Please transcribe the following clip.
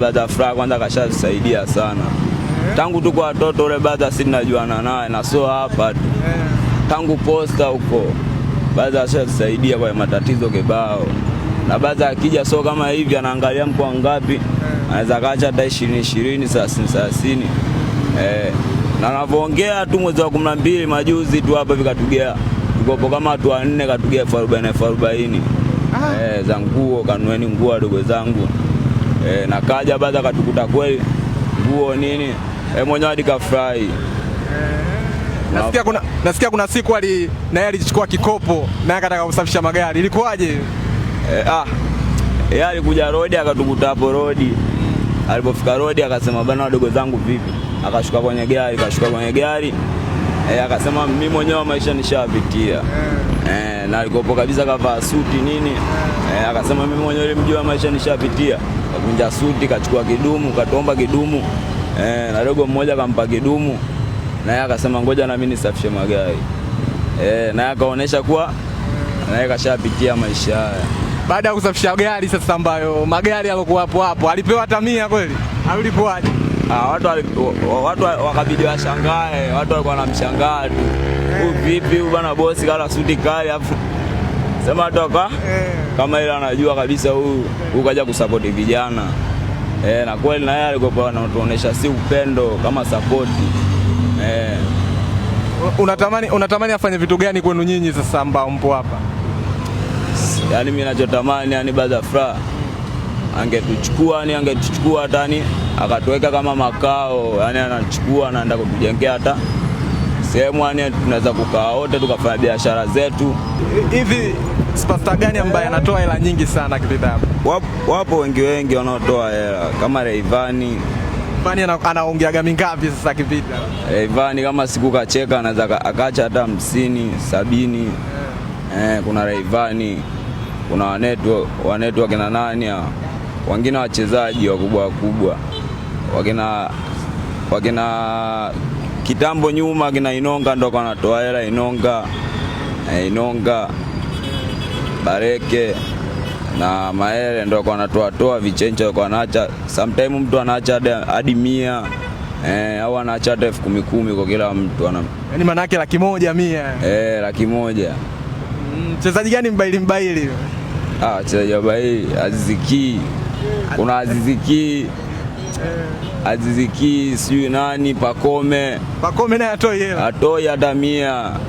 Brother Fra kwanza kashatusaidia sana eh? tangu tuko watoto, ule brother si tunajuana naye na sio hapa tu, eh. tangu posta huko brother ashatusaidia kwa matatizo kibao, na brother akija sio kama hivi, anaangalia mko ngapi, eh. anaweza kaacha hata ishirini ishirini thelathini thelathini eh, na anavyoongea tu mwezi wa kumi na mbili majuzi tu hapa vikatugea tukopo kama watu wanne, katugea elfu arobaini elfu arobaini ah. eh, za nguo, kanueni nguo wadogo zangu e, na kaja baada akatukuta kweli nguo nini e, mwenyewe hadi kafurahi. Eh, nasikia kuna, nasikia kuna siku ali naye alichukua kikopo naye akataka kusafisha magari, ilikuwaje? E, ah, yeye alikuja rodi akatukuta hapo rodi. Alipofika rodi akasema bana, wadogo zangu vipi? Akashuka kwenye gari, akashuka kwenye gari e, akasema mimi mwenyewe maisha nishapitia e, na alikopo kabisa kavaa suti nini e, akasema mimi mwenyewe mjua maisha nishapitia kakunja suti, kachukua kidumu, katomba kidumu eh, na dogo mmoja kampa kidumu, naye akasema ngoja mimi nisafishe magari e, naye akaonyesha kuwa naye kashapitia maisha haya. Baada ya kusafisha gari sasa, ambayo magari yalokuwa hapo hapo, alipewa tamia kweli au Ah, Watu, watu wakabidi washangae, watu walikuwa wanamshangaa tu, eh. vipi huyu bwana bosi kala suti kali, afu sema toka eh kama ile anajua kabisa huyu ukaja kaja kusapoti vijana e, na kweli na yeye alikuwa anatuonesha si upendo kama sapoti e. Eh. Unatamani, unatamani afanye vitu gani kwenu nyinyi sasa ambao mpo hapa? Yani mimi nachotamani yani Brother Fra angetuchukua ni yaani angetuchukua hata yani akatuweka kama makao, yani anachukua anaenda kutujengea hata sehemu yani tunaweza kukaa wote tukafanya biashara zetu hivi. Spasta gani ambaye anatoa hela nyingi sana kibidhaa? Wapo, wapo wengi wengi wanaotoa hela kama Reivani. Reivani anaongeaga mingapi sasa kibidhaa? Raivani kama siku kacheka anaweza akaacha hata hamsini sabini. Yeah. Eh, kuna Raivani kuna wanetu wanetu wakina nani wengine wachezaji wakubwa wakubwa wakina wakina kitambo nyuma kina Inonga ndo kanatoa hela Inonga e, Inonga Bareke na Maele ndo toa vichencha kwa nacha sometime mtu anaacha hadi mia Eh, au anaacha hata elfu kumi kumi kwa kila mtu ana. Yaani maana yake laki moja mia. Eh, laki moja. Mm, mchezaji gani mbaili mbaili? Ah, mchezaji wa baili Aziziki. Kuna Aziziki yeah. Aziziki sijui nani Pakome, Pakome naye atoi hela, atoi hata mia.